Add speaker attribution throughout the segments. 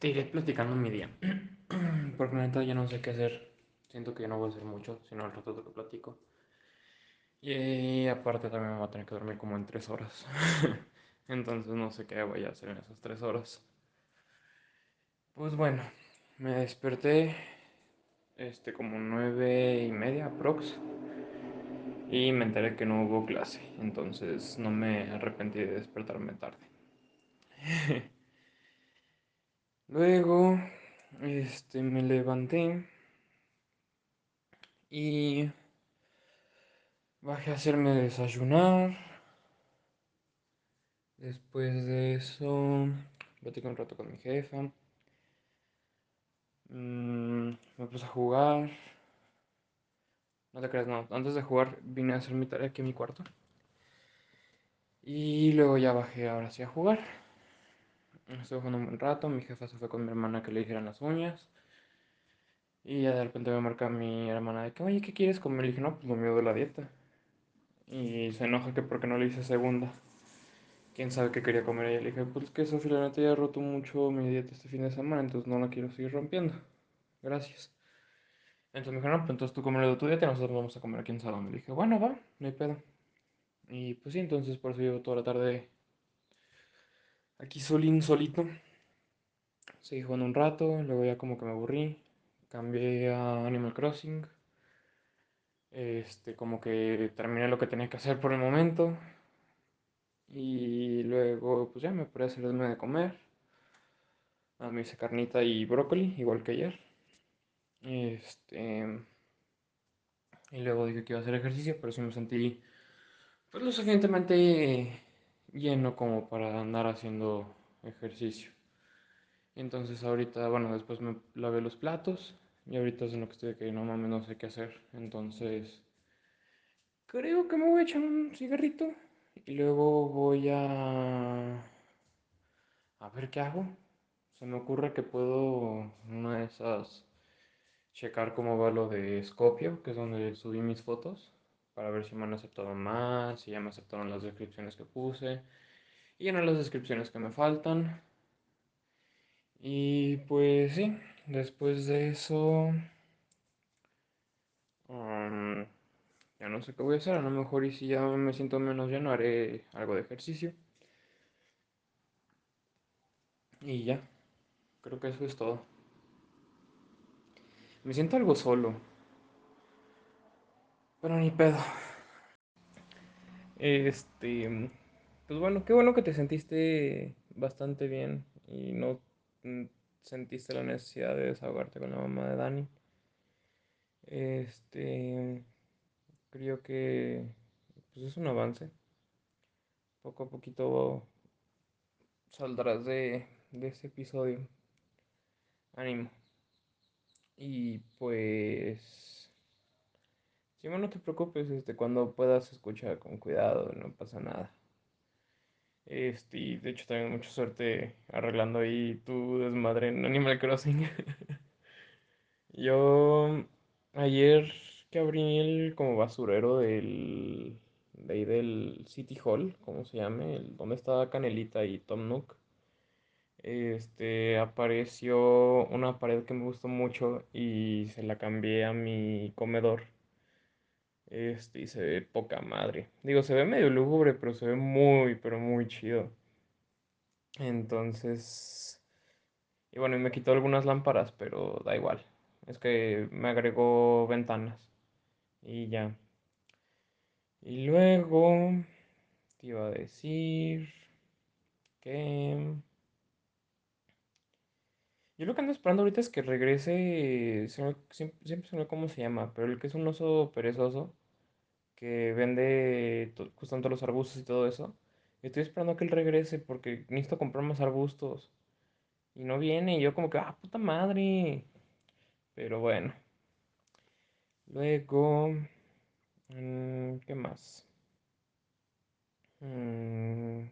Speaker 1: te iré platicando mi día. Porque neta ya no sé qué hacer. Siento que ya no voy a hacer mucho, sino el rato te lo platico. Y aparte también me voy a tener que dormir como en tres horas. Entonces no sé qué voy a hacer en esas tres horas. Pues bueno, me desperté este como nueve y media aprox. Y me enteré que no hubo clase. Entonces no me arrepentí de despertarme tarde. Luego, este, me levanté y bajé a hacerme desayunar. Después de eso, vete un rato con mi jefa. Mm, me puse a jugar. No te creas, no. Antes de jugar vine a hacer mi tarea aquí en mi cuarto. Y luego ya bajé ahora sí a jugar. Estuve jugando un rato, mi jefa se fue con mi hermana que le hicieran las uñas. Y de repente me marca mi hermana de que, oye, ¿qué quieres comer? Le dije, no, pues lo mío de la dieta. Y se enoja que porque no le hice segunda. Quién sabe qué quería comer y Le dije, pues que eso la ya roto mucho mi dieta este fin de semana, entonces no la quiero seguir rompiendo. Gracias. Entonces me dijo, no, pues entonces tú comes de tu dieta y nosotros vamos a comer aquí en salón. Le dije, bueno, va, no hay pedo. Y pues sí, entonces por eso llevo toda la tarde Aquí solín solito. Seguí jugando un rato, luego ya como que me aburrí. Cambié a Animal Crossing. Este, como que terminé lo que tenía que hacer por el momento. Y luego, pues ya me puse a hacerme de comer. A ah, mí hice carnita y brócoli, igual que ayer. Este. Y luego dije que iba a hacer ejercicio, pero si me sentí. Pues lo suficientemente lleno como para andar haciendo ejercicio. Entonces ahorita, bueno, después me lavé los platos y ahorita es en lo que estoy que no mames, no sé qué hacer. Entonces, creo que me voy a echar un cigarrito y luego voy a... A ver qué hago. Se me ocurre que puedo, una de esas, checar cómo va lo de Scopio, que es donde subí mis fotos para ver si me han aceptado más, si ya me aceptaron las descripciones que puse y llenar las descripciones que me faltan. Y pues sí, después de eso... Um, ya no sé qué voy a hacer, a lo mejor y si ya me siento menos lleno haré algo de ejercicio. Y ya, creo que eso es todo. Me siento algo solo, pero ni pedo. Este. Pues bueno, qué bueno que te sentiste bastante bien y no mm, sentiste la necesidad de desahogarte con la mamá de Dani. Este. Creo que. Pues es un avance. Poco a poquito saldrás de, de ese episodio. Ánimo. Y pues. Simón, no te preocupes, este, cuando puedas escuchar con cuidado, no pasa nada. Este, y de hecho tengo mucha suerte arreglando ahí tu desmadre en Animal Crossing. Yo ayer que abrí el como basurero del de ahí del City Hall, como se llame, donde estaba Canelita y Tom Nook. Este apareció una pared que me gustó mucho y se la cambié a mi comedor este, y se ve poca madre. Digo, se ve medio lúgubre, pero se ve muy, pero muy chido. Entonces. Y bueno, me quitó algunas lámparas, pero da igual. Es que me agregó ventanas. Y ya. Y luego. Te iba a decir. Que. Yo lo que ando esperando ahorita es que regrese, siempre se me, cómo se llama, pero el que es un oso perezoso, que vende justamente pues, los arbustos y todo eso. Estoy esperando que él regrese porque necesito comprar más arbustos. Y no viene, y yo como que, ah, puta madre. Pero bueno. Luego, mm, ¿qué más? me,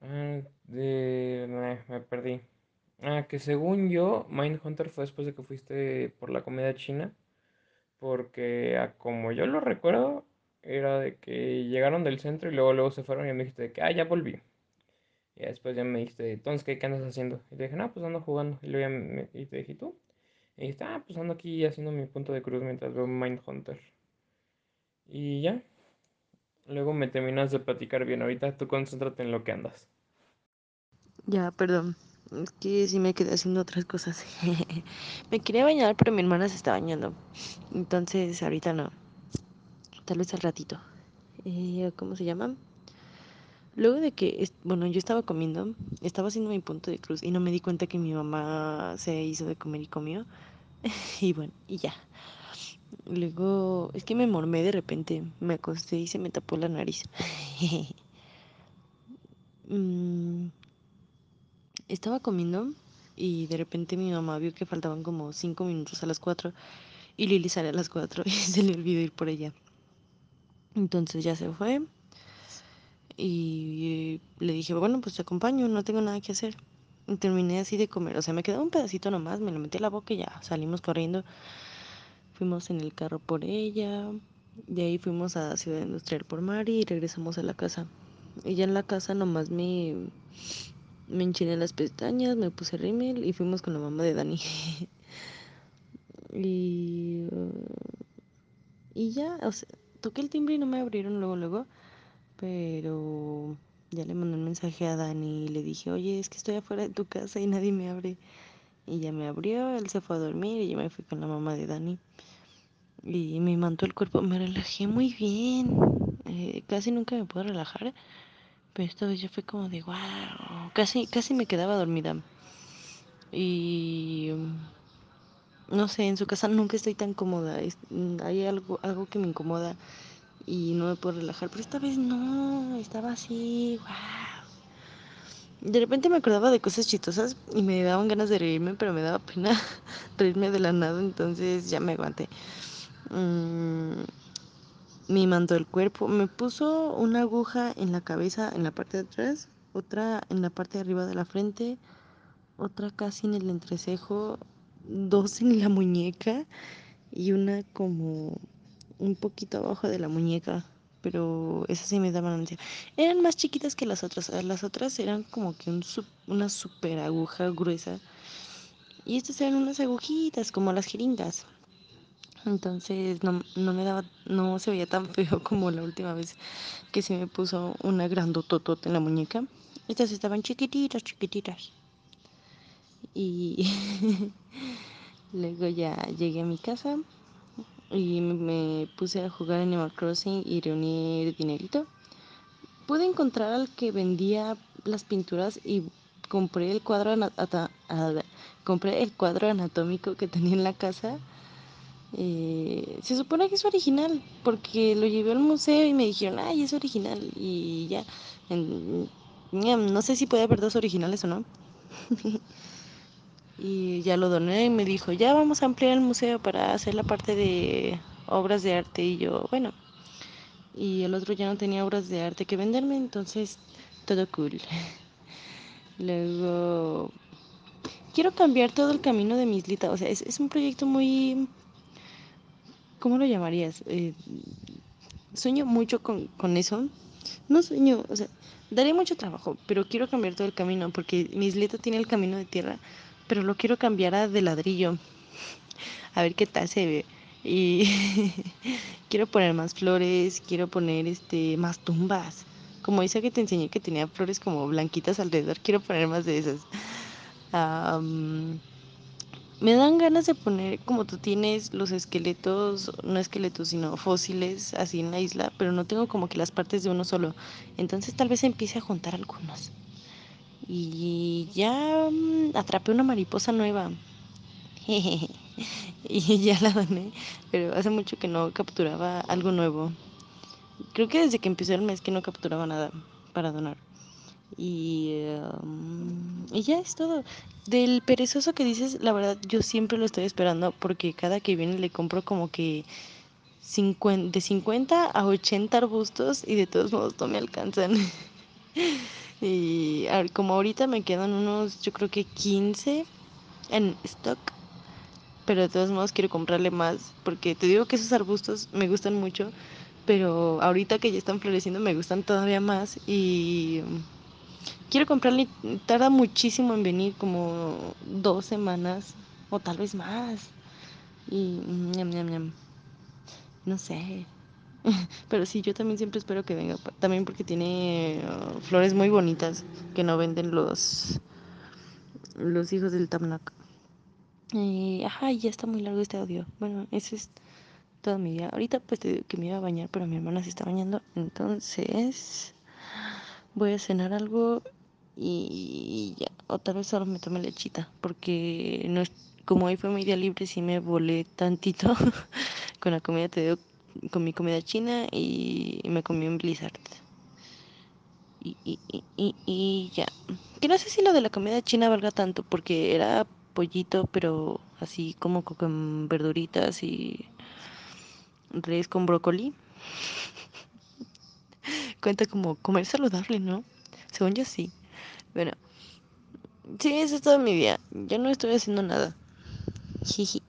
Speaker 1: mm. ah, me perdí. Ah, que según yo, Hunter fue después de que fuiste por la comida china. Porque ah, como yo lo recuerdo, era de que llegaron del centro y luego luego se fueron y me dijiste que, ah, ya volví. Y después ya me dijiste, entonces, ¿qué, andas haciendo? Y te dije, no, pues ando jugando. Y, y te dije, ¿tú? Y dije, ah, pues ando aquí haciendo mi punto de cruz mientras veo Mindhunter. Y ya. Luego me terminas de platicar bien. Ahorita tú concéntrate en lo que andas.
Speaker 2: Ya, perdón. Es que sí me quedé haciendo otras cosas. me quería bañar, pero mi hermana se está bañando. Entonces, ahorita no. Tal vez al ratito. Eh, ¿Cómo se llama? Luego de que, bueno, yo estaba comiendo, estaba haciendo mi punto de cruz y no me di cuenta que mi mamá se hizo de comer y comió. y bueno, y ya. Luego, es que me mormé de repente, me acosté y se me tapó la nariz. mm. Estaba comiendo y de repente mi mamá vio que faltaban como cinco minutos a las cuatro y Lili sale a las cuatro y se le olvidó ir por ella. Entonces ya se fue y eh, le dije, bueno, pues te acompaño, no tengo nada que hacer. Y terminé así de comer, o sea, me quedaba un pedacito nomás, me lo metí a la boca y ya salimos corriendo. Fuimos en el carro por ella, de ahí fuimos a Ciudad Industrial por Mari y regresamos a la casa. Y ya en la casa nomás me me enchiné las pestañas, me puse rímel y fuimos con la mamá de Dani. y, y ya, o sea, toqué el timbre y no me abrieron luego, luego, pero ya le mandé un mensaje a Dani y le dije, oye, es que estoy afuera de tu casa y nadie me abre. Y ya me abrió, él se fue a dormir y yo me fui con la mamá de Dani. Y me mantuvo el cuerpo, me relajé muy bien. Eh, casi nunca me puedo relajar esta vez yo fui como de wow, casi, casi me quedaba dormida. Y no sé, en su casa nunca estoy tan cómoda, hay algo, algo que me incomoda y no me puedo relajar, pero esta vez no, estaba así, wow. De repente me acordaba de cosas chistosas y me daban ganas de reírme, pero me daba pena reírme de la nada, entonces ya me aguanté. Mm, me mandó el cuerpo, me puso una aguja en la cabeza, en la parte de atrás, otra en la parte de arriba de la frente, otra casi en el entrecejo, dos en la muñeca y una como un poquito abajo de la muñeca, pero esas sí me daban Eran más chiquitas que las otras, ah, las otras eran como que una super aguja gruesa y estas eran unas agujitas como las jeringas entonces no, no me daba, no se veía tan feo como la última vez que se me puso una grandototota en la muñeca. Estas estaban chiquititas, chiquititas. Y luego ya llegué a mi casa y me puse a jugar Animal Crossing y reunir dinerito. Pude encontrar al que vendía las pinturas y compré el cuadro, compré el cuadro anatómico que tenía en la casa eh, se supone que es original, porque lo llevé al museo y me dijeron, ay, es original, y ya. no sé si puede haber dos originales o no. y ya lo doné y me dijo, ya vamos a ampliar el museo para hacer la parte de obras de arte. Y yo, bueno. Y el otro ya no tenía obras de arte que venderme, entonces todo cool. Luego, quiero cambiar todo el camino de mis litas. O sea, es, es un proyecto muy ¿cómo lo llamarías? Eh, sueño mucho con, eso. No sueño, o sea, daría mucho trabajo, pero quiero cambiar todo el camino porque mi isleta tiene el camino de tierra, pero lo quiero cambiar a de ladrillo. A ver qué tal se ve. Y quiero poner más flores, quiero poner este más tumbas. Como esa que te enseñé que tenía flores como blanquitas alrededor, quiero poner más de esas. Me dan ganas de poner, como tú tienes los esqueletos, no esqueletos, sino fósiles así en la isla, pero no tengo como que las partes de uno solo. Entonces tal vez empiece a juntar algunos. Y ya mm, atrapé una mariposa nueva. y ya la doné, pero hace mucho que no capturaba algo nuevo. Creo que desde que empecé el mes que no capturaba nada para donar. Y, em, y ya es todo. Del perezoso que dices, la verdad, yo siempre lo estoy esperando porque cada que viene le compro como que de 50 a 80 arbustos y de todos modos no me alcanzan. y como ahorita me quedan unos, yo creo que 15 en stock. Pero de todos modos quiero comprarle más porque te digo que esos arbustos me gustan mucho. Pero ahorita que ya están floreciendo me gustan todavía más y quiero comprarle, tarda muchísimo en venir, como dos semanas o tal vez más. Y mm, ñam, ñam, ñam. no sé. Pero sí, yo también siempre espero que venga, también porque tiene uh, flores muy bonitas que no venden los los hijos del Tamnak. Y ajá, ya está muy largo este audio. Bueno, ese es toda mi vida. Ahorita pues te digo que me iba a bañar, pero mi hermana se está bañando, entonces voy a cenar algo y ya. O tal vez solo me tomé lechita, porque no como hoy fue mi día libre, sí me volé tantito con la comida, con mi comida china y me comí un blizzard. Y, y, y, y ya. Que no sé si lo de la comida china valga tanto, porque era pollito, pero así como con verduritas y Reyes con brócoli. Cuenta como comer saludable, ¿no? Según yo sí. Sí, eso es todo mi día. Yo no estoy haciendo nada. Jiji.